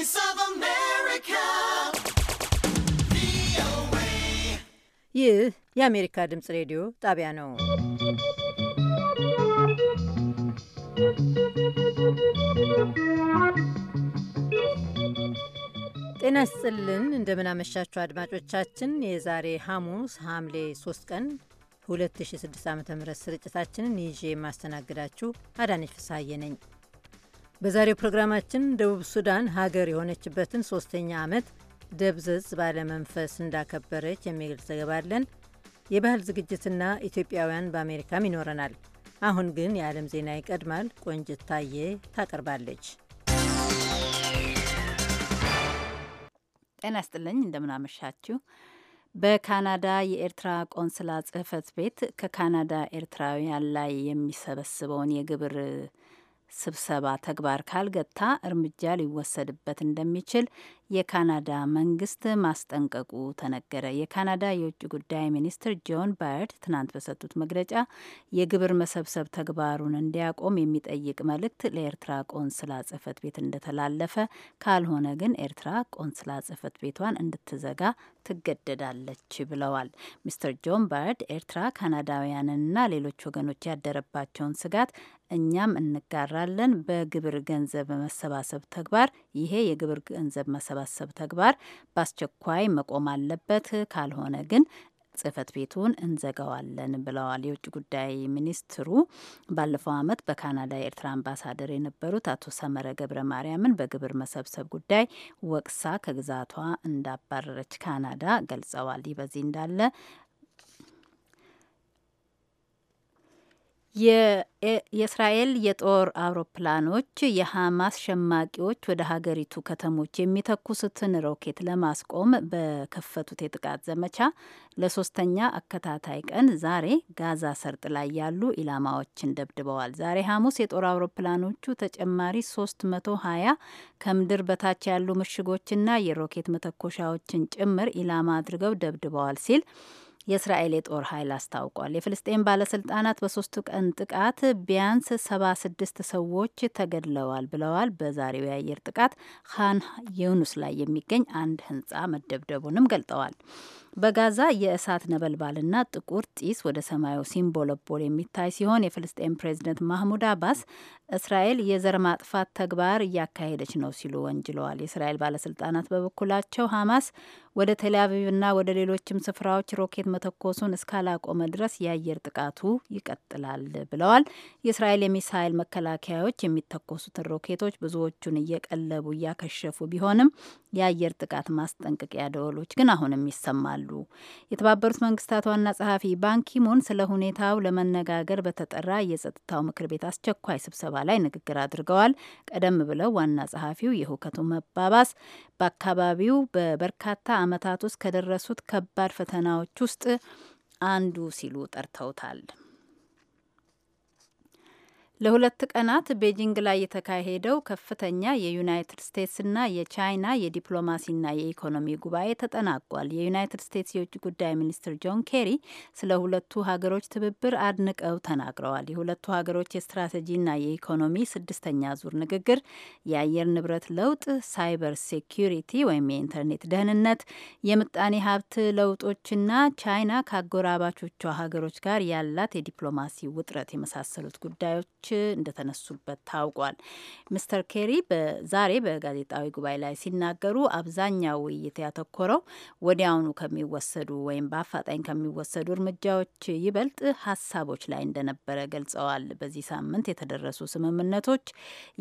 Voice of America. ይህ የአሜሪካ ድምፅ ሬዲዮ ጣቢያ ነው። ጤና ይስጥልን፣ እንደምናመሻችሁ አድማጮቻችን። የዛሬ ሐሙስ ሐምሌ 3 ቀን 2006 ዓ ም ስርጭታችንን ይዤ የማስተናግዳችሁ አዳነች ፍስሐዬ ነኝ። በዛሬው ፕሮግራማችን ደቡብ ሱዳን ሀገር የሆነችበትን ሶስተኛ ዓመት ደብዘዝ ባለመንፈስ እንዳከበረች የሚገልጽ ዘገባ አለን። የባህል ዝግጅትና ኢትዮጵያውያን በአሜሪካም ይኖረናል። አሁን ግን የዓለም ዜና ይቀድማል። ቆንጅት ታዬ ታቀርባለች። ጤና ይስጥልኝ፣ እንደምናመሻችሁ። በካናዳ የኤርትራ ቆንስላ ጽህፈት ቤት ከካናዳ ኤርትራውያን ላይ የሚሰበስበውን የግብር ስብሰባ ተግባር ካልገታ እርምጃ ሊወሰድበት እንደሚችል የካናዳ መንግስት ማስጠንቀቁ ተነገረ። የካናዳ የውጭ ጉዳይ ሚኒስትር ጆን ባየርድ ትናንት በሰጡት መግለጫ የግብር መሰብሰብ ተግባሩን እንዲያቆም የሚጠይቅ መልእክት ለኤርትራ ቆንስላ ጽህፈት ቤት እንደተላለፈ፣ ካልሆነ ግን ኤርትራ ቆንስላ ጽህፈት ቤቷን እንድትዘጋ ትገደዳለች ብለዋል። ሚስተር ጆን ባርድ ኤርትራ ካናዳውያንንና ሌሎች ወገኖች ያደረባቸውን ስጋት እኛም እንጋራለን፣ በግብር ገንዘብ መሰባሰብ ተግባር ይሄ የግብር ገንዘብ መሰባሰብ ተግባር በአስቸኳይ መቆም አለበት፣ ካልሆነ ግን ጽህፈት ቤቱን እንዘጋዋለን ብለዋል። የውጭ ጉዳይ ሚኒስትሩ ባለፈው ዓመት በካናዳ የኤርትራ አምባሳደር የነበሩት አቶ ሰመረ ገብረ ማርያምን በግብር መሰብሰብ ጉዳይ ወቅሳ ከግዛቷ እንዳባረረች ካናዳ ገልጸዋል። ይህ በዚህ እንዳለ የእስራኤል የጦር አውሮፕላኖች የሐማስ ሸማቂዎች ወደ ሀገሪቱ ከተሞች የሚተኩሱትን ሮኬት ለማስቆም በከፈቱት የጥቃት ዘመቻ ለሶስተኛ አከታታይ ቀን ዛሬ ጋዛ ሰርጥ ላይ ያሉ ኢላማዎችን ደብድበዋል። ዛሬ ሐሙስ የጦር አውሮፕላኖቹ ተጨማሪ 320 ከምድር በታች ያሉ ምሽጎችና የሮኬት መተኮሻዎችን ጭምር ኢላማ አድርገው ደብድበዋል ሲል የእስራኤል የጦር ኃይል አስታውቋል። የፍልስጤም ባለስልጣናት በሶስቱ ቀን ጥቃት ቢያንስ ሰባ ስድስት ሰዎች ተገድለዋል ብለዋል። በዛሬው የአየር ጥቃት ካን ዩኑስ ላይ የሚገኝ አንድ ህንጻ መደብደቡንም ገልጠዋል። በጋዛ የእሳት ነበልባልና ጥቁር ጢስ ወደ ሰማዩ ሲንቦለቦል የሚታይ ሲሆን የፍልስጤን ፕሬዚደንት ማህሙድ አባስ እስራኤል የዘር ማጥፋት ተግባር እያካሄደች ነው ሲሉ ወንጅለዋል። የእስራኤል ባለስልጣናት በበኩላቸው ሀማስ ወደ ቴልአቪቭና ወደ ሌሎችም ስፍራዎች ሮኬት መተኮሱን እስካላቆመ ድረስ የአየር ጥቃቱ ይቀጥላል ብለዋል። የእስራኤል የሚሳይል መከላከያዎች የሚተኮሱትን ሮኬቶች ብዙዎቹን እየቀለቡ እያከሸፉ ቢሆንም የአየር ጥቃት ማስጠንቀቂያ ደወሎች ግን አሁንም ይሰማል። ይሆናሉ። የተባበሩት መንግስታት ዋና ጸሐፊ ባንኪሙን ስለ ሁኔታው ለመነጋገር በተጠራ የጸጥታው ምክር ቤት አስቸኳይ ስብሰባ ላይ ንግግር አድርገዋል። ቀደም ብለው ዋና ጸሐፊው የሁከቱ መባባስ በአካባቢው በበርካታ ዓመታት ውስጥ ከደረሱት ከባድ ፈተናዎች ውስጥ አንዱ ሲሉ ጠርተውታል። ለሁለት ቀናት ቤጂንግ ላይ የተካሄደው ከፍተኛ የዩናይትድ ስቴትስና የቻይና የዲፕሎማሲና የኢኮኖሚ ጉባኤ ተጠናቋል። የዩናይትድ ስቴትስ የውጭ ጉዳይ ሚኒስትር ጆን ኬሪ ስለ ሁለቱ ሀገሮች ትብብር አድንቀው ተናግረዋል። የሁለቱ ሀገሮች የስትራቴጂና የኢኮኖሚ ስድስተኛ ዙር ንግግር የአየር ንብረት ለውጥ፣ ሳይበር ሴኪሪቲ ወይም የኢንተርኔት ደህንነት፣ የምጣኔ ሀብት ለውጦችና ቻይና ከአጎራባቾቿ ሀገሮች ጋር ያላት የዲፕሎማሲ ውጥረት የመሳሰሉት ጉዳዮች እንደተነሱበት ታውቋል። ሚስተር ኬሪ ዛሬ በጋዜጣዊ ጉባኤ ላይ ሲናገሩ አብዛኛው ውይይት ያተኮረው ወዲያውኑ ከሚወሰዱ ወይም በአፋጣኝ ከሚወሰዱ እርምጃዎች ይበልጥ ሀሳቦች ላይ እንደነበረ ገልጸዋል። በዚህ ሳምንት የተደረሱ ስምምነቶች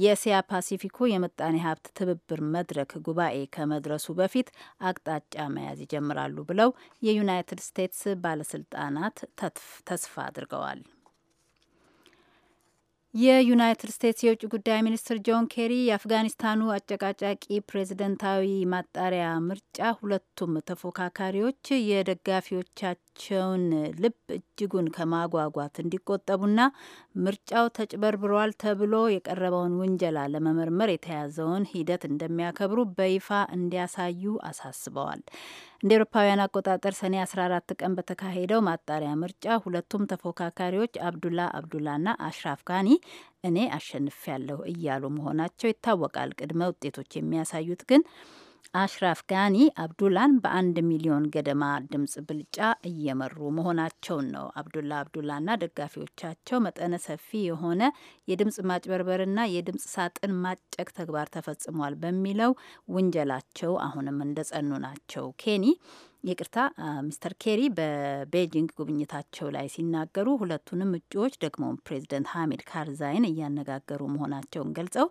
የእስያ ፓሲፊኩ የምጣኔ ሀብት ትብብር መድረክ ጉባኤ ከመድረሱ በፊት አቅጣጫ መያዝ ይጀምራሉ ብለው የዩናይትድ ስቴትስ ባለስልጣናት ተስፋ አድርገዋል። የዩናይትድ ስቴትስ የውጭ ጉዳይ ሚኒስትር ጆን ኬሪ የአፍጋኒስታኑ አጨቃጫቂ ፕሬዝደንታዊ ማጣሪያ ምርጫ ሁለቱም ተፎካካሪዎች የደጋፊዎቻቸው የህዝባቸውን ልብ እጅጉን ከማጓጓት እንዲቆጠቡና ምርጫው ተጭበርብሯል ተብሎ የቀረበውን ውንጀላ ለመመርመር የተያዘውን ሂደት እንደሚያከብሩ በይፋ እንዲያሳዩ አሳስበዋል። እንደ ኤሮፓውያን አቆጣጠር ሰኔ 14 ቀን በተካሄደው ማጣሪያ ምርጫ ሁለቱም ተፎካካሪዎች አብዱላ አብዱላና አሽራፍ ጋኒ እኔ አሸንፊያለሁ እያሉ መሆናቸው ይታወቃል። ቅድመ ውጤቶች የሚያሳዩት ግን አሽራፍ ጋኒ አብዱላን በአንድ ሚሊዮን ገደማ ድምጽ ብልጫ እየመሩ መሆናቸውን ነው። አብዱላ አብዱላና ደጋፊዎቻቸው መጠነ ሰፊ የሆነ የድምጽ ማጭበርበርና የድምጽ ሳጥን ማጨቅ ተግባር ተፈጽሟል በሚለው ውንጀላቸው አሁንም እንደጸኑ ናቸው። ኬኒ ይቅርታ ሚስተር ኬሪ በቤጂንግ ጉብኝታቸው ላይ ሲናገሩ ሁለቱንም እጩዎች ደግሞ ፕሬዚደንት ሀሚድ ካርዛይን እያነጋገሩ መሆናቸውን ገልጸው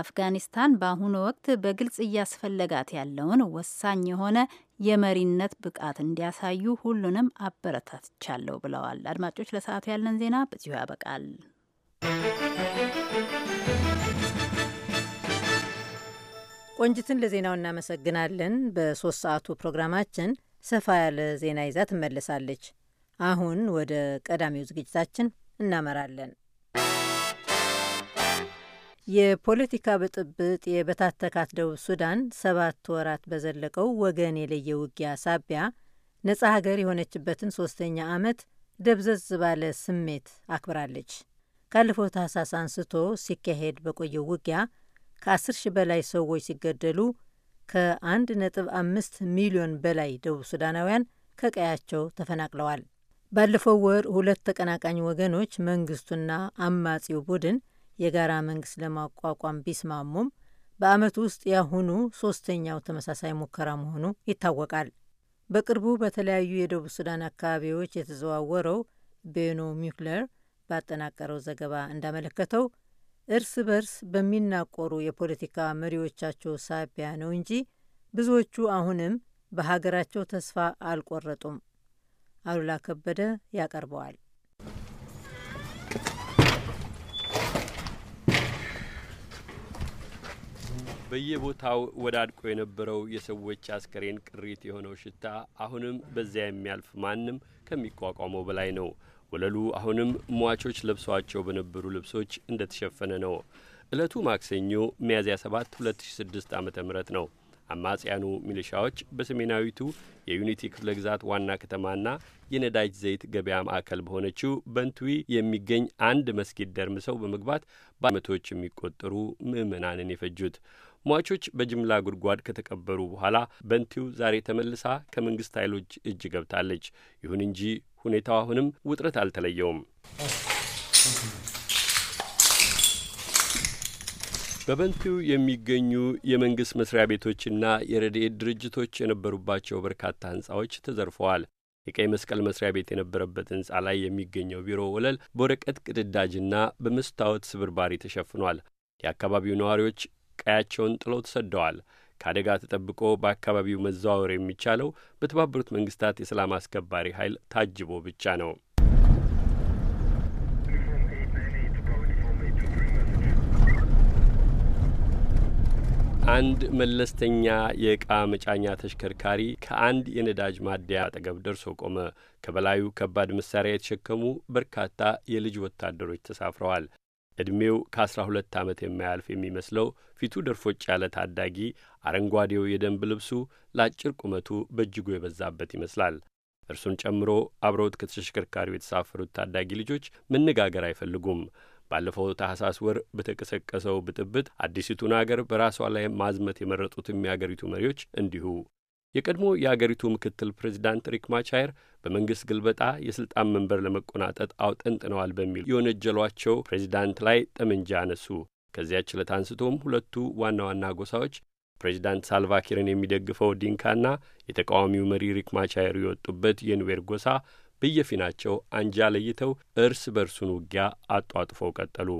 አፍጋኒስታን በአሁኑ ወቅት በግልጽ እያስፈለጋት ያለውን ወሳኝ የሆነ የመሪነት ብቃት እንዲያሳዩ ሁሉንም አበረታትቻለሁ ብለዋል። አድማጮች፣ ለሰዓቱ ያለን ዜና በዚሁ ያበቃል። ቆንጅትን ለዜናው እናመሰግናለን። በሶስት ሰዓቱ ፕሮግራማችን ሰፋ ያለ ዜና ይዛ ትመለሳለች። አሁን ወደ ቀዳሚው ዝግጅታችን እናመራለን። የፖለቲካ ብጥብጥ የበታተካት ደቡብ ሱዳን ሰባት ወራት በዘለቀው ወገን የለየ ውጊያ ሳቢያ ነጻ ሀገር የሆነችበትን ሶስተኛ ዓመት ደብዘዝ ባለ ስሜት አክብራለች። ካለፈው ታህሳስ አንስቶ ሲካሄድ በቆየው ውጊያ ከ 1 ሺህ በላይ ሰዎች ሲገደሉ ከ አምስት ሚሊዮን በላይ ደቡብ ሱዳናውያን ከቀያቸው ተፈናቅለዋል። ባለፈው ወር ሁለት ተቀናቃኝ ወገኖች መንግስቱና አማጺው ቡድን የጋራ መንግስት ለማቋቋም ቢስማሙም በአመት ውስጥ ያሁኑ ሶስተኛው ተመሳሳይ ሙከራ መሆኑ ይታወቃል። በቅርቡ በተለያዩ የደቡብ ሱዳን አካባቢዎች የተዘዋወረው ቤኖ ሚክለር ባጠናቀረው ዘገባ እንዳመለከተው እርስ በርስ በሚናቆሩ የፖለቲካ መሪዎቻቸው ሳቢያ ነው እንጂ ብዙዎቹ አሁንም በሀገራቸው ተስፋ አልቆረጡም። አሉላ ከበደ ያቀርበዋል። በየቦታው ወዳድቆ የነበረው የሰዎች አስከሬን ቅሪት የሆነው ሽታ አሁንም በዚያ የሚያልፍ ማንም ከሚቋቋመው በላይ ነው። ወለሉ አሁንም ሟቾች ለብሷቸው በነበሩ ልብሶች እንደተሸፈነ ነው። ዕለቱ ማክሰኞ ሚያዝያ 7 2006 ዓ ም ነው። አማጽያኑ ሚሊሻዎች በሰሜናዊቱ የዩኒቲ ክፍለ ግዛት ዋና ከተማና የነዳጅ ዘይት ገበያ ማዕከል በሆነችው በንቱዊ የሚገኝ አንድ መስጊድ ደርምሰው በመግባት በመቶዎች የሚቆጠሩ ምዕመናንን የፈጁት ሟቾች በጅምላ ጉድጓድ ከተቀበሩ በኋላ በንቲው ዛሬ ተመልሳ ከመንግስት ኃይሎች እጅ ገብታለች። ይሁን እንጂ ሁኔታው አሁንም ውጥረት አልተለየውም። በበንቲው የሚገኙ የመንግሥት መስሪያ ቤቶችና የረድኤት ድርጅቶች የነበሩባቸው በርካታ ህንጻዎች ተዘርፈዋል። የቀይ መስቀል መስሪያ ቤት የነበረበት ሕንፃ ላይ የሚገኘው ቢሮ ወለል በወረቀት ቅድዳጅና በመስታወት ስብርባሪ ተሸፍኗል። የአካባቢው ነዋሪዎች ቀያቸውን ጥለው ተሰደዋል። ከአደጋ ተጠብቆ በአካባቢው መዘዋወር የሚቻለው በተባበሩት መንግስታት የሰላም አስከባሪ ኃይል ታጅቦ ብቻ ነው። አንድ መለስተኛ የእቃ መጫኛ ተሽከርካሪ ከአንድ የነዳጅ ማደያ አጠገብ ደርሶ ቆመ። ከበላዩ ከባድ መሳሪያ የተሸከሙ በርካታ የልጅ ወታደሮች ተሳፍረዋል። ዕድሜው ከአስራ ሁለት ዓመት የማያልፍ የሚመስለው ፊቱ ደርፎጭ ያለ ታዳጊ አረንጓዴው የደንብ ልብሱ ለአጭር ቁመቱ በእጅጉ የበዛበት ይመስላል። እርሱን ጨምሮ አብረውት ከተሽከርካሪው የተሳፈሩት ታዳጊ ልጆች መነጋገር አይፈልጉም። ባለፈው ታህሳስ ወር በተቀሰቀሰው ብጥብጥ አዲሲቱን አገር በራሷ ላይ ማዝመት የመረጡትም የአገሪቱ መሪዎች እንዲሁ የቀድሞ የአገሪቱ ምክትል ፕሬዚዳንት ሪክ ማቻየር በመንግስት ግልበጣ የስልጣን መንበር ለመቆናጠጥ አውጠንጥነዋል በሚል የወነጀሏቸው ፕሬዚዳንት ላይ ጠመንጃ አነሱ። ከዚያች ዕለት አንስቶም ሁለቱ ዋና ዋና ጎሳዎች ፕሬዚዳንት ሳልቫኪርን የሚደግፈው ዲንካና የተቃዋሚው መሪ ሪክ ማቻየር የወጡበት የኑዌር ጎሳ በየፊናቸው አንጃ ለይተው እርስ በርሱን ውጊያ አጧጥፈው ቀጠሉ።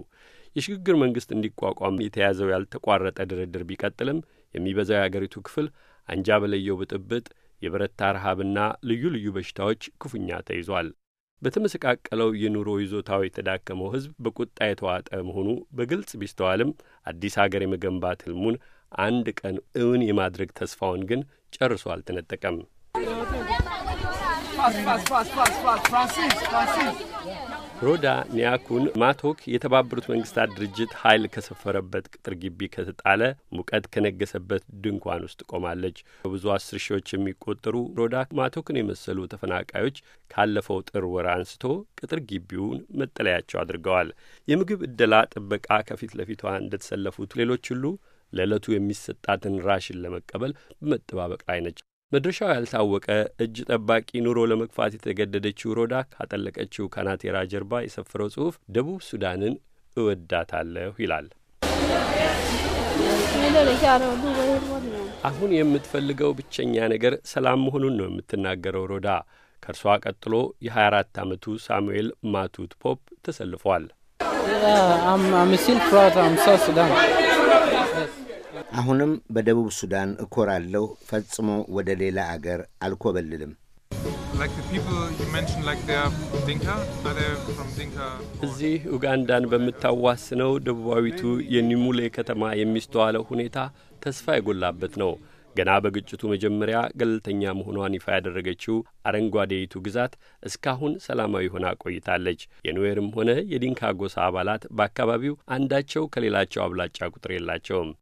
የሽግግር መንግስት እንዲቋቋም የተያዘው ያልተቋረጠ ድርድር ቢቀጥልም የሚበዛው የአገሪቱ ክፍል አንጃ በለየው ብጥብጥ፣ የበረታ ረሃብና ልዩ ልዩ በሽታዎች ክፉኛ ተይዟል። በተመሰቃቀለው የኑሮ ይዞታው የተዳከመው ሕዝብ በቁጣ የተዋጠ መሆኑ በግልጽ ቢስተዋልም አዲስ አገር የመገንባት ህልሙን አንድ ቀን እውን የማድረግ ተስፋውን ግን ጨርሶ አልተነጠቀም። ሮዳ ኒያኩን ማቶክ የተባበሩት መንግስታት ድርጅት ኃይል ከሰፈረበት ቅጥር ግቢ ከተጣለ ሙቀት ከነገሰበት ድንኳን ውስጥ ቆማለች። በብዙ አስር ሺዎች የሚቆጠሩ ሮዳ ማቶክን የመሰሉ ተፈናቃዮች ካለፈው ጥር ወር አንስቶ ቅጥር ግቢውን መጠለያቸው አድርገዋል። የምግብ እደላ ጥበቃ ከፊት ለፊቷ እንደተሰለፉት ሌሎች ሁሉ ለዕለቱ የሚሰጣትን ራሽን ለመቀበል በመጠባበቅ ላይ ነች። መድረሻው ያልታወቀ እጅ ጠባቂ ኑሮ ለመግፋት የተገደደችው ሮዳ ካጠለቀችው ካናቴራ ጀርባ የሰፈረው ጽሑፍ ደቡብ ሱዳንን እወዳታለሁ ይላል። አሁን የምትፈልገው ብቸኛ ነገር ሰላም መሆኑን ነው የምትናገረው ሮዳ። ከእርሷ ቀጥሎ የ24 ዓመቱ ሳሙኤል ማቱት ፖፕ ተሰልፏል። አሁንም በደቡብ ሱዳን እኮራለሁ። ፈጽሞ ወደ ሌላ አገር አልኮበልልም። እዚህ ኡጋንዳን በምታዋስነው ደቡባዊቱ የኒሙሌ ከተማ የሚስተዋለው ሁኔታ ተስፋ የጎላበት ነው። ገና በግጭቱ መጀመሪያ ገለልተኛ መሆኗን ይፋ ያደረገችው አረንጓዴይቱ ግዛት እስካሁን ሰላማዊ ሆና ቆይታለች። የኑዌርም ሆነ የዲንካ ጎሳ አባላት በአካባቢው አንዳቸው ከሌላቸው አብላጫ ቁጥር የላቸውም።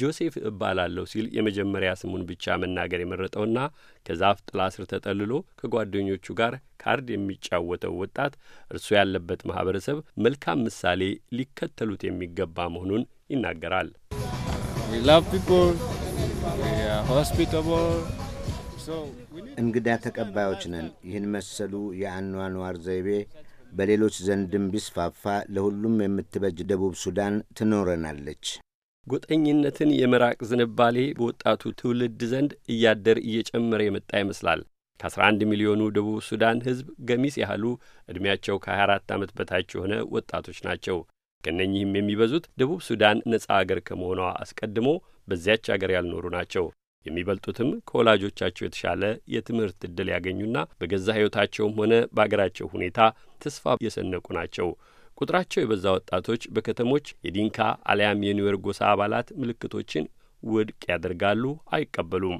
ጆሴፍ እባላለሁ ሲል የመጀመሪያ ስሙን ብቻ መናገር የመረጠውና ከዛፍ ጥላ ስር ተጠልሎ ከጓደኞቹ ጋር ካርድ የሚጫወተው ወጣት እርሱ ያለበት ማህበረሰብ መልካም ምሳሌ ሊከተሉት የሚገባ መሆኑን ይናገራል። እንግዳ ተቀባዮች ነን። ይህን መሰሉ የአኗኗር ዘይቤ በሌሎች ዘንድም ቢስፋፋ ለሁሉም የምትበጅ ደቡብ ሱዳን ትኖረናለች። ጎጠኝነትን የመራቅ ዝንባሌ በወጣቱ ትውልድ ዘንድ እያደር እየጨመረ የመጣ ይመስላል። ከ11 ሚሊዮኑ ደቡብ ሱዳን ሕዝብ ገሚስ ያህሉ ዕድሜያቸው ከ24 ዓመት በታች የሆነ ወጣቶች ናቸው። ከእነኚህም የሚበዙት ደቡብ ሱዳን ነጻ አገር ከመሆኗ አስቀድሞ በዚያች አገር ያልኖሩ ናቸው። የሚበልጡትም ከወላጆቻቸው የተሻለ የትምህርት ዕድል ያገኙና በገዛ ሕይወታቸውም ሆነ በአገራቸው ሁኔታ ተስፋ የሰነቁ ናቸው። ቁጥራቸው የበዛ ወጣቶች በከተሞች የዲንካ አሊያም የኒዌር ጎሳ አባላት ምልክቶችን ውድቅ ያደርጋሉ፣ አይቀበሉም።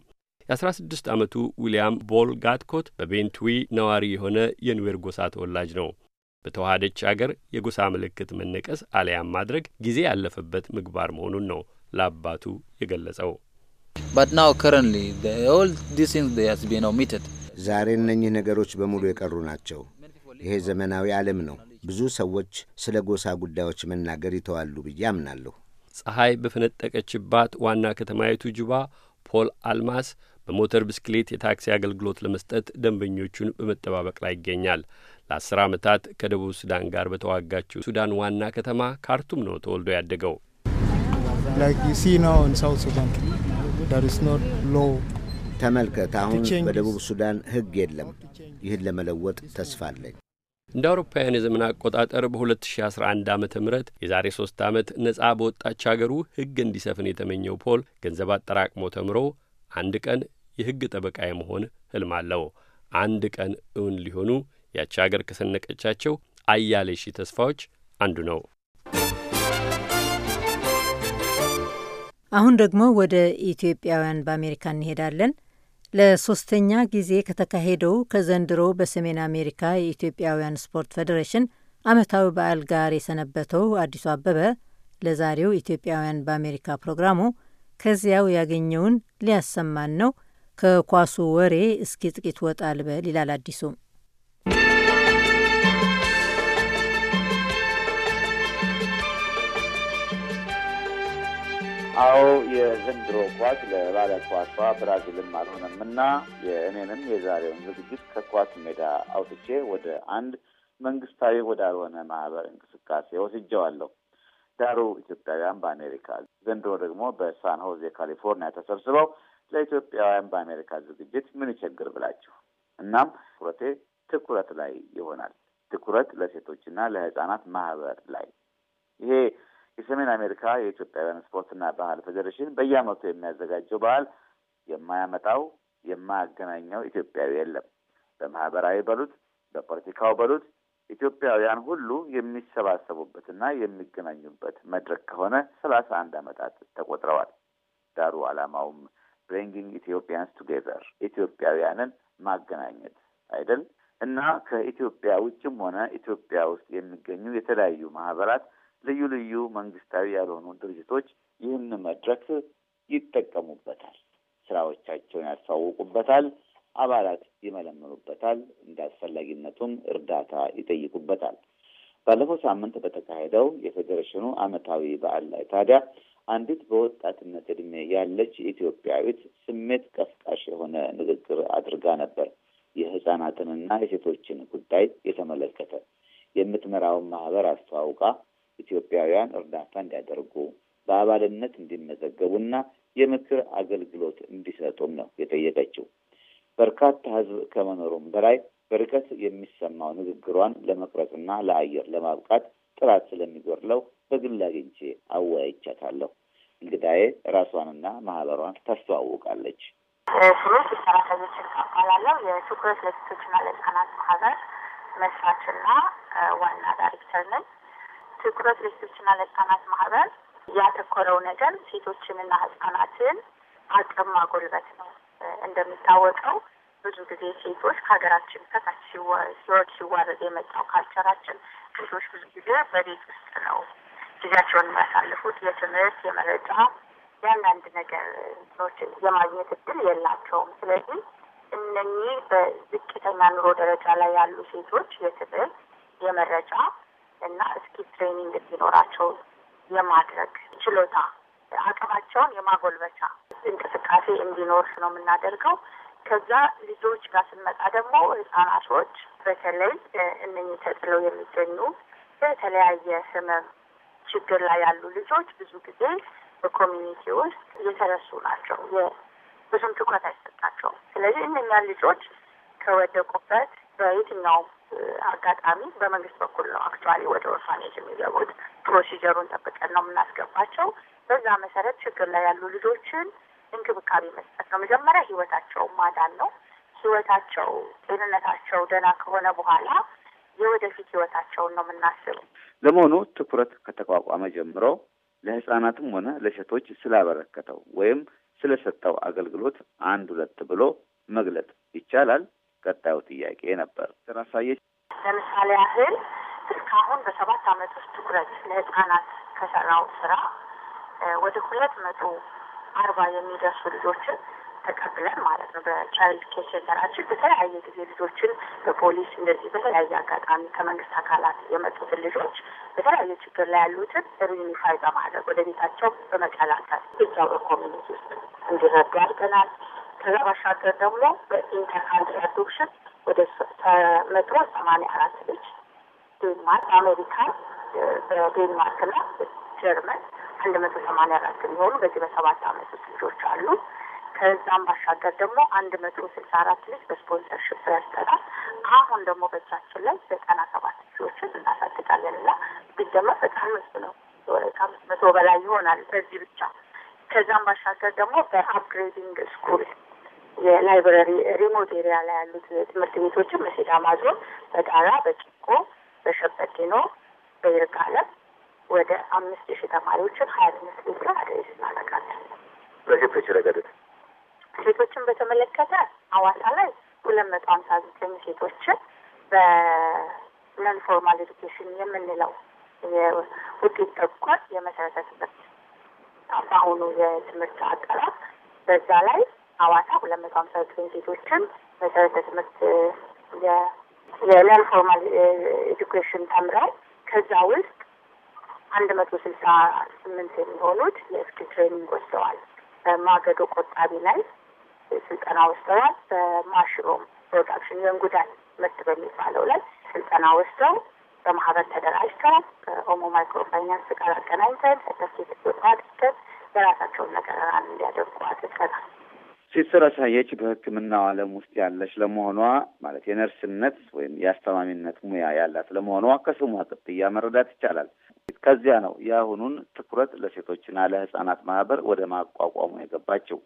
የአስራ ስድስት ዓመቱ ዊልያም ቦል ጋትኮት በቤንትዊ ነዋሪ የሆነ የኒዌር ጎሳ ተወላጅ ነው። በተዋሃደች አገር የጎሳ ምልክት መነቀስ አሊያም ማድረግ ጊዜ ያለፈበት ምግባር መሆኑን ነው ለአባቱ የገለጸው። ዛሬ እነኚህ ነገሮች በሙሉ የቀሩ ናቸው። ይሄ ዘመናዊ ዓለም ነው። ብዙ ሰዎች ስለ ጎሳ ጉዳዮች መናገር ይተዋሉ ብዬ አምናለሁ። ፀሐይ በፈነጠቀችባት ዋና ከተማይቱ ጁባ ፖል አልማስ በሞተር ብስክሌት የታክሲ አገልግሎት ለመስጠት ደንበኞቹን በመጠባበቅ ላይ ይገኛል። ለአስር ዓመታት ከደቡብ ሱዳን ጋር በተዋጋችው ሱዳን ዋና ከተማ ካርቱም ነው ተወልዶ ያደገው። ተመልከት፣ አሁን በደቡብ ሱዳን ሕግ የለም። ይህን ለመለወጥ ተስፋ አለኝ። እንደ አውሮፓውያን የዘመን አቆጣጠር በ2011 ዓ ም የዛሬ ሶስት ዓመት ነጻ በወጣች አገሩ ሕግ እንዲሰፍን የተመኘው ፖል ገንዘብ አጠራቅሞ ተምሮ አንድ ቀን የሕግ ጠበቃ የመሆን ህልም አለው። አንድ ቀን እውን ሊሆኑ ያቺ አገር ከሰነቀቻቸው አያሌ ሺ ተስፋዎች አንዱ ነው። አሁን ደግሞ ወደ ኢትዮጵያውያን በአሜሪካ እንሄዳለን። ለሶስተኛ ጊዜ ከተካሄደው ከዘንድሮ በሰሜን አሜሪካ የኢትዮጵያውያን ስፖርት ፌዴሬሽን ዓመታዊ በዓል ጋር የሰነበተው አዲሱ አበበ ለዛሬው ኢትዮጵያውያን በአሜሪካ ፕሮግራሙ ከዚያው ያገኘውን ሊያሰማን ነው። ከኳሱ ወሬ እስኪ ጥቂት ወጣ ልበል ይላል አዲሱ። አዎ የዘንድሮ ኳስ ለባለ ኳሷ ብራዚልም አልሆነም እና የእኔንም የዛሬውን ዝግጅት ከኳስ ሜዳ አውጥቼ ወደ አንድ መንግስታዊ ወዳልሆነ ማህበር እንቅስቃሴ ወስጀዋለሁ። ዳሩ ኢትዮጵያውያን በአሜሪካ ዘንድሮ ደግሞ በሳን ሆዜ ካሊፎርኒያ ተሰብስበው ለኢትዮጵያውያን በአሜሪካ ዝግጅት ምን ይቸግር ብላችሁ። እናም ትኩረቴ ትኩረት ላይ ይሆናል። ትኩረት ለሴቶችና ለህፃናት ማህበር ላይ ይሄ የሰሜን አሜሪካ የኢትዮጵያውያን ስፖርትና ባህል ፌዴሬሽን በየዓመቱ የሚያዘጋጀው በዓል የማያመጣው የማያገናኘው ኢትዮጵያዊ የለም። በማህበራዊ በሉት በፖለቲካው በሉት ኢትዮጵያውያን ሁሉ የሚሰባሰቡበትና የሚገናኙበት መድረክ ከሆነ ሰላሳ አንድ ዓመታት ተቆጥረዋል። ዳሩ ዓላማውም ብሪንጊንግ ኢትዮጵያንስ ቱጌዘር ኢትዮጵያውያንን ማገናኘት አይደል እና ከኢትዮጵያ ውጭም ሆነ ኢትዮጵያ ውስጥ የሚገኙ የተለያዩ ማህበራት ልዩ ልዩ መንግስታዊ ያልሆኑ ድርጅቶች ይህን መድረክ ይጠቀሙበታል። ስራዎቻቸውን ያስተዋውቁበታል። አባላት ይመለምሉበታል። እንደ አስፈላጊነቱም እርዳታ ይጠይቁበታል። ባለፈው ሳምንት በተካሄደው የፌዴሬሽኑ ዓመታዊ በዓል ላይ ታዲያ አንዲት በወጣትነት ዕድሜ ያለች ኢትዮጵያዊት ስሜት ቀስቃሽ የሆነ ንግግር አድርጋ ነበር። የህጻናትንና የሴቶችን ጉዳይ የተመለከተ የምትመራውን ማህበር አስተዋውቃ ኢትዮጵያውያን እርዳታ እንዲያደርጉ በአባልነት እንዲመዘገቡና የምክር አገልግሎት እንዲሰጡም ነው የጠየቀችው። በርካታ ሕዝብ ከመኖሩም በላይ በርቀት የሚሰማው ንግግሯን ለመቅረጽና ለአየር ለማብቃት ጥራት ስለሚጎድለው በግል አግኝቼ አወያይቻታለሁ። እንግዳዬ ራሷንና ማህበሯን ታስተዋውቃለች። ስሜት የሰራተኞች እባላለሁ። የትኩረት ለሴቶችና ለህፃናት ማህበር መስራችና ዋና ዳይሬክተር ነኝ። ትኩረት ሴቶችና ለህጻናት ማህበር ያተኮረው ነገር ሴቶችንና ህጻናትን አቅም ማጎልበት ነው። እንደሚታወቀው ብዙ ጊዜ ሴቶች ከሀገራችን ከታች ሲወድ ሲዋረድ የመጣው ካልቸራችን ሴቶች ብዙ ጊዜ በቤት ውስጥ ነው ጊዜያቸውን የሚያሳልፉት። የትምህርት የመረጃ የአንዳንድ ነገሮች የማግኘት እድል የላቸውም። ስለዚህ እነኚህ በዝቅተኛ ኑሮ ደረጃ ላይ ያሉ ሴቶች የትምህርት የመረጃ እና እስኪ ትሬኒንግ እንዲኖራቸው የማድረግ ችሎታ አቅማቸውን የማጎልበቻ እንቅስቃሴ እንዲኖር ነው የምናደርገው። ከዛ ልጆች ጋር ስንመጣ ደግሞ ህጻናቶች በተለይ እነኚህ ተጥለው የሚገኙ በተለያየ ህመም ችግር ላይ ያሉ ልጆች ብዙ ጊዜ በኮሚኒቲ ውስጥ የተረሱ ናቸው። ብዙም ትኩረት አይሰጣቸውም። ስለዚህ እነኛ ልጆች ከወደቁበት በየትኛውም አጋጣሚ በመንግስት በኩል ነው አክቹዋሊ ወደ ኦርፋኔጅ የሚገቡት። ፕሮሲጀሩን ጠብቀን ነው የምናስገባቸው። በዛ መሰረት ችግር ላይ ያሉ ልጆችን እንክብካቤ መስጠት ነው። መጀመሪያ ህይወታቸው ማዳን ነው። ህይወታቸው፣ ጤንነታቸው ደህና ከሆነ በኋላ የወደፊት ህይወታቸውን ነው የምናስበው። ለመሆኑ ትኩረት ከተቋቋመ ጀምሮ ለህጻናትም ሆነ ለሴቶች ስላበረከተው ወይም ስለሰጠው አገልግሎት አንድ ሁለት ብሎ መግለጥ ይቻላል? ቀጣዩ ጥያቄ ነበር። ተናሳየች ለምሳሌ ያህል እስካሁን በሰባት አመት ውስጥ ትኩረት ለህጻናት ከሰራው ስራ ወደ ሁለት መቶ አርባ የሚደርሱ ልጆችን ተቀብለን ማለት ነው። በቻይልድ ኬር ሴንተራችን በተለያየ ጊዜ ልጆችን በፖሊስ እንደዚህ በተለያየ አጋጣሚ ከመንግስት አካላት የመጡትን ልጆች በተለያየ ችግር ላይ ያሉትን ሪዩኒፋይ በማድረግ ወደ ቤታቸው በመቀላቀል እዛው በኮሚኒቲ ውስጥ እንዲረዱ አድርገናል። ከዛ ባሻገር ደግሞ በኢንተርካንት አዶፕሽን ወደ መቶ ሰማንያ አራት ልጅ ዴንማርክ፣ አሜሪካ፣ በዴንማርክ እና ጀርመን አንድ መቶ ሰማንያ አራት የሚሆኑ በዚህ በሰባት አመት ውስጥ ልጆች አሉ። ከዛም ባሻገር ደግሞ አንድ መቶ ስልሳ አራት ልጅ በስፖንሰርሽፕ ያስጠራል። አሁን ደግሞ በእጃችን ላይ ዘጠና ሰባት ልጆችን እናሳድጋለን እና ደግሞ በጣም ህዝብ ነው ከአምስት መቶ በላይ ይሆናል በዚህ ብቻ። ከዛም ባሻገር ደግሞ በአፕግሬዲንግ ስኩል የላይብረሪ ሪሞት ኤሪያ ላይ ያሉት ትምህርት ቤቶችም በሲዳማ ዞን በጣራ፣ በጭቆ፣ በሸበኪኖ፣ በይርጋለም ወደ አምስት ሺህ ተማሪዎችን ሀያ ትምህርት ቤት ጋር አድሬስ እናደርጋለን። በሴቶች ረገድ ሴቶችን በተመለከተ አዋሳ ላይ ሁለት መቶ ሀምሳ ዘጠኝ ሴቶችን በነን ፎርማል ኤዱኬሽን የምንለው የውጤት ተኳር የመሰረተ ትምህርት በአሁኑ የትምህርት አቀራር በዛ ላይ ሐዋሳ ሁለት መቶ ሀምሳ ዘጠኝ ሴቶችን መሰረተ ትምህርት የኖን ፎርማል ኤዱኬሽን ተምረው ከዛ ውስጥ አንድ መቶ ስልሳ ስምንት የሚሆኑት የስኪል ትሬኒንግ ወስደዋል። በማገዶ ቆጣቢ ላይ ስልጠና ወስደዋል። በማሽሮም ፕሮዳክሽን የእንጉዳይ ምርት በሚባለው ላይ ስልጠና ወስደው በማህበር ተደራጅተው ከኦሞ ማይክሮ ፋይናንስ ጋር አገናኝተን ሰርተፊኬት አድርገን በራሳቸውን ነገር እንዲያደርጉ አድርገናል። ሲሰረሳ የች በሕክምናው ዓለም ውስጥ ያለች ለመሆኗ ማለት የነርስነት ወይም የአስተማሚነት ሙያ ያላት ለመሆኗ ከስሟ ቅጥያ መረዳት ይቻላል። ከዚያ ነው የአሁኑን ትኩረት ለሴቶችና ለህፃናት ማህበር ወደ ማቋቋሙ የገባችው።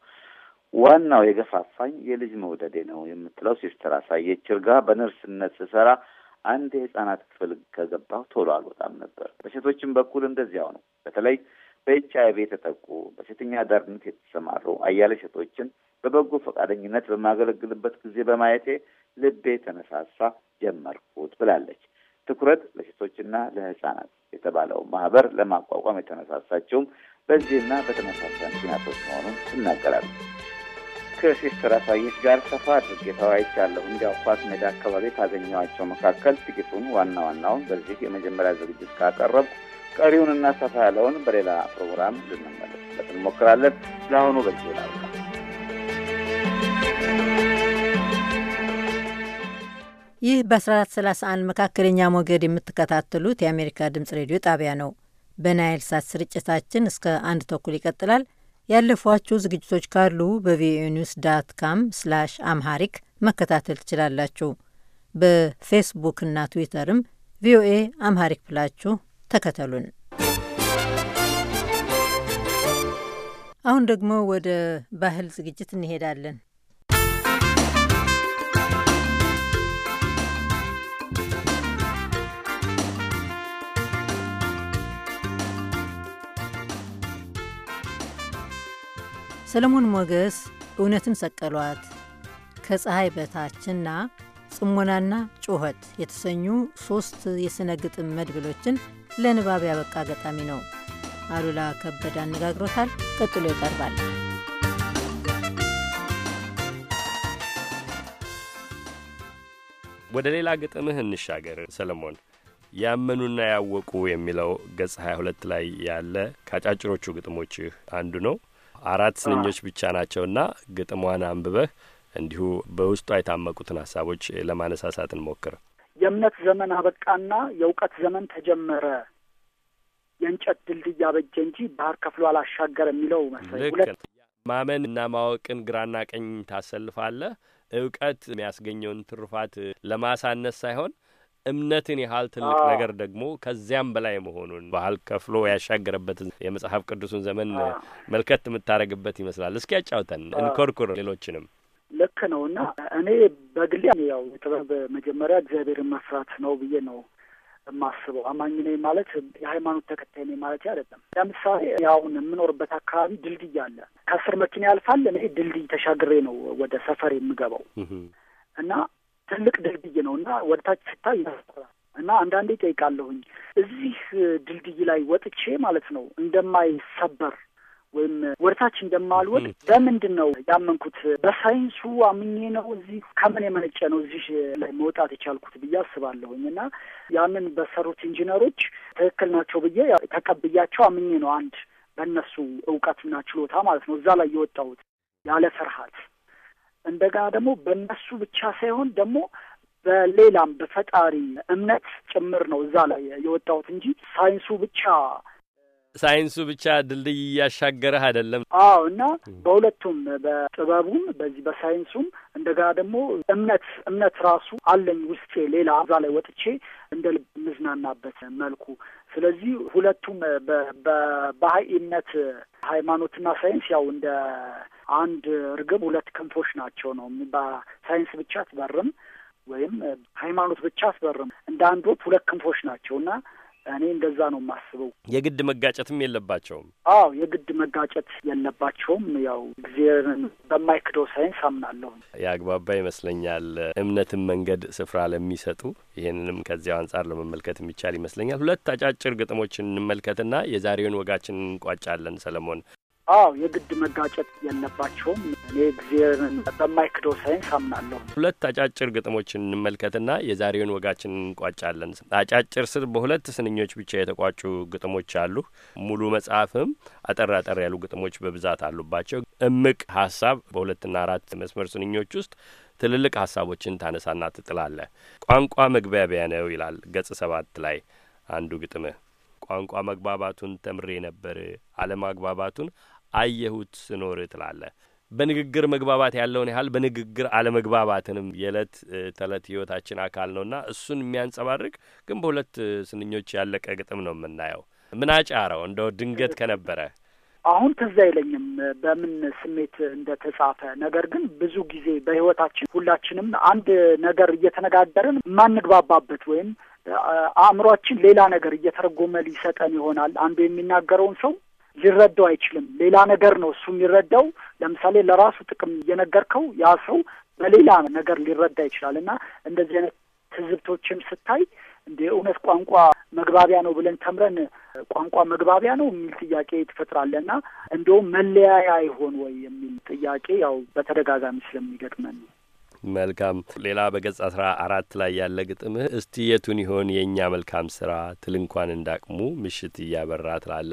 ዋናው የገፋፋኝ የልጅ መውደዴ ነው የምትለው ሲስተር አሳየች እርጋ በነርስነት ስሰራ አንድ የህፃናት ክፍል ከገባሁ ቶሎ አልወጣም ነበር። በሴቶችም በኩል እንደዚያው ነው። በተለይ በኤች አይቪ የተጠቁ በሴተኛ አዳሪነት የተሰማሩ አያሌ ሴቶችን በበጎ ፈቃደኝነት በማገለግልበት ጊዜ በማየቴ ልቤ ተነሳሳ ጀመርኩት ብላለች። ትኩረት ለሴቶችና ለህፃናት የተባለው ማህበር ለማቋቋም የተነሳሳቸውም በዚህና በተመሳሳይ ምክንያቶች መሆኑን ትናገራለች። ከሲስተር አሳየች ጋር ሰፋ አድርጌ ተወያይቻለሁ። እንዲያው ኳስ ሜዳ አካባቢ ካገኘኋቸው መካከል ጥቂቱን ዋና ዋናውን በዚህ የመጀመሪያ ዝግጅት ካቀረብኩ ቀሪውንና ሰፋ ያለውን በሌላ ፕሮግራም ልንመለስበት እንሞክራለን። ለአሁኑ በዚህ ላውቃ ይህ በ1431 መካከለኛ ሞገድ የምትከታተሉት የአሜሪካ ድምጽ ሬዲዮ ጣቢያ ነው። በናይል ሳት ስርጭታችን እስከ አንድ ተኩል ይቀጥላል። ያለፏችሁ ዝግጅቶች ካሉ በቪኦኤ ኒውስ ዳት ካም ስላሽ አምሃሪክ መከታተል ትችላላችሁ። በፌስቡክ እና ትዊተርም ቪኦኤ አምሃሪክ ብላችሁ ተከተሉን። አሁን ደግሞ ወደ ባህል ዝግጅት እንሄዳለን። ሰለሞን ሞገስ እውነትን ሰቀሏት፣ ከፀሐይ በታችና ጽሞናና ጩኸት የተሰኙ ሦስት የሥነ ግጥም መድብሎችን ለንባብ ያበቃ ገጣሚ ነው። አሉላ ከበደ አነጋግሮታል። ቀጥሎ ይቀርባል። ወደ ሌላ ግጥምህ እንሻገር ሰለሞን። ያመኑና ያወቁ የሚለው ገጽ 22 ላይ ያለ ከአጫጭሮቹ ግጥሞችህ አንዱ ነው። አራት ስንኞች ብቻ ናቸውና ግጥሟን አንብበህ እንዲሁ በውስጧ የታመቁትን ሀሳቦች ለማነሳሳት እንሞክር። የእምነት ዘመን አበቃና የእውቀት ዘመን ተጀመረ። የእንጨት ድልድይ አበጀ እንጂ ባህር ከፍሎ አላሻገር የሚለው መሰለኝ። ማመን እና ማወቅን ግራና ቀኝ ታሰልፋለህ። እውቀት የሚያስገኘውን ትሩፋት ለማሳነስ ሳይሆን እምነትን ያህል ትልቅ ነገር ደግሞ ከዚያም በላይ መሆኑን ባህል ከፍሎ ያሻገረበትን የመጽሐፍ ቅዱሱን ዘመን መልከት የምታደርግበት ይመስላል። እስኪ ያጫውተን እንኮርኩር ሌሎችንም። ልክ ነው እና እኔ በግሌ ያው የጥበብ መጀመሪያ እግዚአብሔርን መፍራት ነው ብዬ ነው የማስበው። አማኝ ነኝ ማለት የሃይማኖት ተከታይ ነኝ ማለት አይደለም። ለምሳሌ አሁን የምኖርበት አካባቢ ድልድይ አለ። ከአስር መኪና ያልፋል። እኔ ድልድይ ተሻግሬ ነው ወደ ሰፈር የምገባው እና ትልቅ ድልድይ ነው እና ወድታች ታች ሲታይ ያስፈራል እና አንዳንዴ ጠይቃለሁኝ እዚህ ድልድይ ላይ ወጥቼ ማለት ነው እንደማይሰበር ወይም ወደታች እንደማልወድ በምንድን ነው ያመንኩት? በሳይንሱ አምኜ ነው? እዚህ ከምን የመነጨ ነው እዚህ ላይ መውጣት የቻልኩት ብዬ አስባለሁኝ እና ያንን በሰሩት ኢንጂነሮች ትክክል ናቸው ብዬ ተቀብያቸው አምኜ ነው አንድ በእነሱ እውቀትና ችሎታ ማለት ነው እዛ ላይ የወጣሁት ያለ ፍርሃት እንደገና ደግሞ በእነሱ ብቻ ሳይሆን ደግሞ በሌላም በፈጣሪ እምነት ጭምር ነው እዛ ላይ የወጣሁት እንጂ ሳይንሱ ብቻ ሳይንሱ ብቻ ድልድይ እያሻገረህ አይደለም። አዎ እና በሁለቱም በጥበቡም በዚህ በሳይንሱም እንደገና ደግሞ እምነት እምነት ራሱ አለኝ ውስጤ ሌላ እዛ ላይ ወጥቼ እንደ ልብ የምዝናናበት መልኩ። ስለዚህ ሁለቱም በባህይነት ሃይማኖትና ሳይንስ ያው እንደ አንድ እርግብ ሁለት ክንፎች ናቸው ነው። በሳይንስ ብቻ አትበርም ወይም ሃይማኖት ብቻ አትበርም። እንደ አንድ ወጥ ሁለት ክንፎች ናቸው እና እኔ እንደዛ ነው የማስበው። የግድ መጋጨትም የለባቸውም። አዎ የግድ መጋጨት የለባቸውም። ያው እግዜርን በማይክደው ሳይንስ አምናለሁ። የአግባባ ይመስለኛል። እምነትን መንገድ ስፍራ ለሚሰጡ ይህንንም ከዚያው አንጻር ለመመልከት የሚቻል ይመስለኛል። ሁለት አጫጭር ግጥሞችን እንመልከትና የዛሬውን ወጋችን እንቋጫለን። ሰለሞን አዎ የግድ መጋጨት የለባቸውም። እኔ እግዜርን በማይክዶ ሳይንስ አምናለሁ። ሁለት አጫጭር ግጥሞችን እንመልከትና የዛሬውን ወጋችን እንቋጫለን። አጫጭር ስር በሁለት ስንኞች ብቻ የተቋጩ ግጥሞች አሉ። ሙሉ መጽሐፍም አጠር አጠር ያሉ ግጥሞች በብዛት አሉባቸው። እምቅ ሀሳብ በሁለትና አራት መስመር ስንኞች ውስጥ ትልልቅ ሀሳቦችን ታነሳና ትጥላለህ። ቋንቋ መግባቢያ ነው ይላል ገጽ ሰባት ላይ አንዱ ግጥምህ ቋንቋ መግባባቱን ተምሬ ነበር አለማግባባቱን አየሁት ስኖር ትላለ በንግግር መግባባት ያለውን ያህል በንግግር አለመግባባትንም የዕለት ተዕለት ህይወታችን አካል ነውና እሱን የሚያንጸባርቅ ግን በሁለት ስንኞች ያለቀ ግጥም ነው የምናየው። ምን አጫረው እንደው ድንገት ከነበረ አሁን ትዝ አይለኝም በምን ስሜት እንደተጻፈ። ነገር ግን ብዙ ጊዜ በህይወታችን ሁላችንም አንድ ነገር እየተነጋገርን የማንግባባበት ወይም አእምሯችን ሌላ ነገር እየተረጎመ ሊሰጠን ይሆናል። አንዱ የሚናገረውን ሰው ሊረዳው አይችልም። ሌላ ነገር ነው እሱ የሚረዳው። ለምሳሌ ለራሱ ጥቅም እየነገርከው ያ ሰው በሌላ ነገር ሊረዳ ይችላል እና እንደዚህ አይነት ትዝብቶችም ስታይ እንደ እውነት ቋንቋ መግባቢያ ነው ብለን ተምረን ቋንቋ መግባቢያ ነው የሚል ጥያቄ ትፈጥራለህ እና እንደውም መለያያ አይሆን ወይ የሚል ጥያቄ ያው በተደጋጋሚ ስለሚገጥመን ነው። መልካም። ሌላ በገጽ አስራ አራት ላይ ያለ ግጥምህ እስቲ የቱን ይሆን የእኛ መልካም ስራ ትል እንኳን እንዳቅሙ ምሽት እያበራ ትላለ።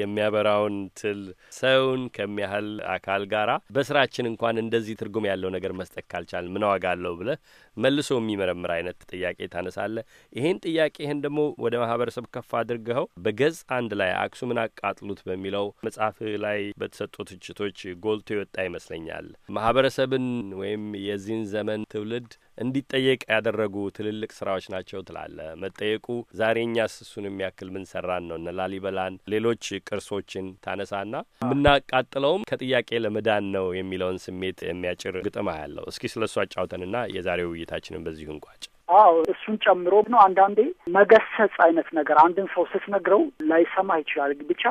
የሚያበራውን ትል ሰውን ከሚያህል አካል ጋራ በስራችን እንኳን እንደዚህ ትርጉም ያለው ነገር መስጠት ካልቻል ምን ዋጋ አለው ብለ መልሶ የሚመረምር አይነት ጥያቄ ታነሳለ። ይህን ጥያቄህን ደግሞ ወደ ማህበረሰብ ከፍ አድርገኸው በገጽ አንድ ላይ አክሱምን አቃጥሉት በሚለው መጽሐፍ ላይ በተሰጡ ትችቶች ጎልቶ ይወጣ ይመስለኛል። ማህበረሰብን ወይም የዚህን ዘመን ትውልድ እንዲጠየቅ ያደረጉ ትልልቅ ስራዎች ናቸው ትላለ። መጠየቁ ዛሬ እኛ ስሱን የሚያክል ምን ሰራን ነው እነ ላሊበላን፣ ሌሎች ቅርሶችን ታነሳና የምናቃጥለውም ከጥያቄ ለመዳን ነው የሚለውን ስሜት የሚያጭር ግጥማ ያለው። እስኪ ስለ እሱ አጫውተንና የዛሬው ውይይታችንን በዚሁ እንቋጭ። አዎ እሱን ጨምሮ ነው አንዳንዴ መገሰጽ አይነት ነገር አንድን ሰው ስትነግረው ላይሰማ ይችላል። ብቻ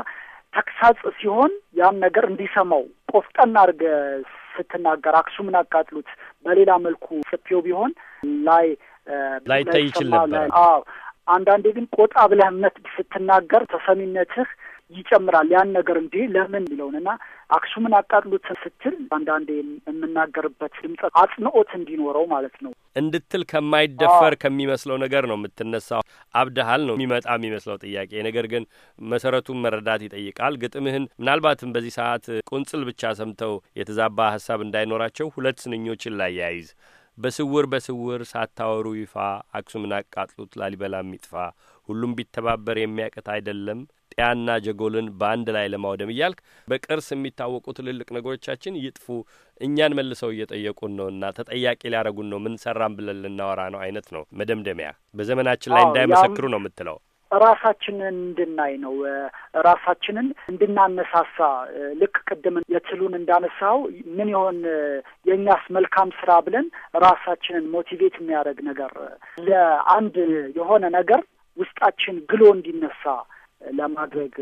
ተግሳጽ ሲሆን ያን ነገር እንዲሰማው ቆፍጠን አድርገህ ስትናገር አክሱምን አቃጥሉት በሌላ መልኩ ፍትው ቢሆን ላይ ላይታይ ይችል ነበር። አዎ አንዳንዴ ግን ቆጣ ብለህ እምነት ስትናገር ተሰሚነትህ ይጨምራል ያን ነገር እንዲህ ለምን የሚለውን እና አክሱምን አቃጥሉት ስትል አንዳንዴ የምናገርበት ድምጸት አጽንኦት እንዲኖረው ማለት ነው እንድትል ከማይደፈር ከሚመስለው ነገር ነው የምትነሳው። አብድሃል ነው የሚመጣ የሚመስለው ጥያቄ። ነገር ግን መሰረቱን መረዳት ይጠይቃል። ግጥምህን ምናልባትም በዚህ ሰዓት ቁንጽል ብቻ ሰምተው የተዛባ ሀሳብ እንዳይኖራቸው ሁለት ስንኞችን ላያይዝ በስውር በስውር ሳታወሩ ይፋ አክሱምን አቃጥሉት ላሊበላ ሚጥፋ ሁሉም ቢተባበር የሚያቅት አይደለም ጢያና ጀጎልን በአንድ ላይ ለማውደም እያልክ በቅርስ የሚታወቁ ትልልቅ ነገሮቻችን ይጥፉ እኛን መልሰው እየጠየቁን ነውና ተጠያቂ ሊያደረጉን ነው ምን ሰራን ብለን ልናወራ ነው አይነት ነው መደምደሚያ በዘመናችን ላይ እንዳይመሰክሩ ነው የምትለው ራሳችንን እንድናይ ነው። ራሳችንን እንድናነሳሳ ልክ ቅድም የትሉን እንዳነሳው ምን ይሆን የእኛስ መልካም ስራ ብለን ራሳችንን ሞቲቬት የሚያደርግ ነገር ለአንድ የሆነ ነገር ውስጣችን ግሎ እንዲነሳ ለማድረግ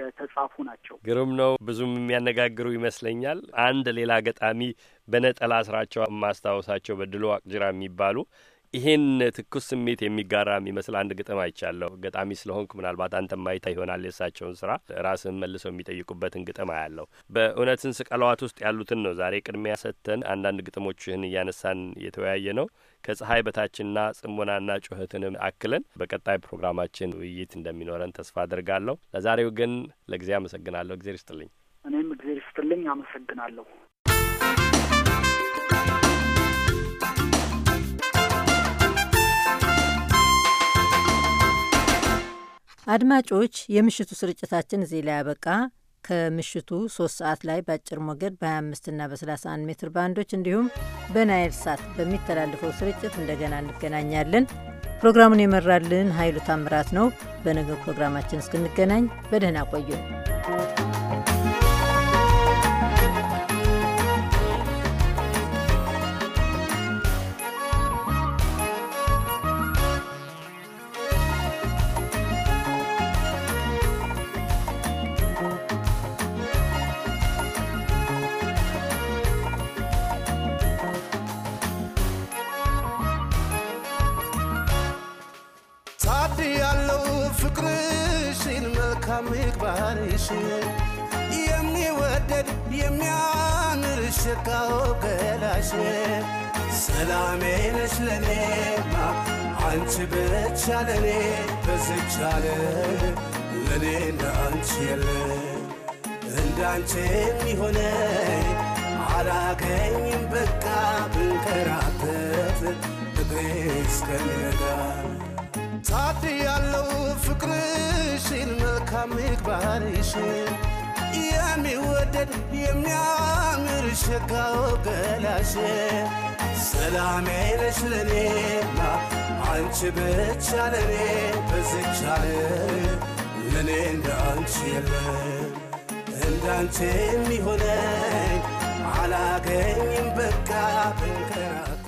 የተጻፉ ናቸው። ግሩም ነው። ብዙም የሚያነጋግሩ ይመስለኛል። አንድ ሌላ ገጣሚ በነጠላ ስራቸው ማስታወሳቸው በድሎ አቅጅራ የሚባሉ ይህን ትኩስ ስሜት የሚጋራ የሚመስል አንድ ግጥም አይቻለሁ። ገጣሚ ስለሆንኩ ምናልባት አንተ ማይታ ይሆናል የእሳቸውን ስራ ራስህን መልሰው የሚጠይቁበትን ግጥም አያለሁ። በእውነትን ስቀለዋት ውስጥ ያሉትን ነው ዛሬ ቅድሚያ ሰጥተን አንዳንድ ግጥሞችህን እያነሳን የተወያየ ነው። ከፀሐይ በታችና ጽሞናና ጩኸትንም አክለን በቀጣይ ፕሮግራማችን ውይይት እንደሚኖረን ተስፋ አድርጋለሁ። ለዛሬው ግን ለጊዜ አመሰግናለሁ። እግዜር ይስጥልኝ። እኔም እግዜር ይስጥልኝ አመሰግናለሁ። አድማጮች፣ የምሽቱ ስርጭታችን እዚህ ላይ ያበቃ። ከምሽቱ ሶስት ሰዓት ላይ በአጭር ሞገድ በ25 እና በ31 ሜትር ባንዶች እንዲሁም በናይል ሳት በሚተላልፈው ስርጭት እንደገና እንገናኛለን። ፕሮግራሙን የመራልን ኃይሉ ታምራት ነው። በነገ ፕሮግራማችን እስክንገናኝ በደህና you. ፍቅርሽን መልካም ምግባርሽ የሚወደድ የሚያምር ሽታው ገላሽ ሰላሜ ነሽ ለኔማ አንቺ ብቻ ለኔ ለኔ የለ እንዳንቺ የሚሆነ አላገኝም በቃ ብንከራተት እግሬ እስከሚነጋ ታድ ያለው ፍቅርሽን መልካም ምግባርሽን የሚወደድ የሚያምር ሸጋው ገላሽ ሰላሜ ነሽ ለኔና አንቺ ብቻ ለኔ በዝቻ ለኔ እንዳንቺ የለ እንዳንቺ የሚሆነኝ አላገኝም በቃ ብንከራከ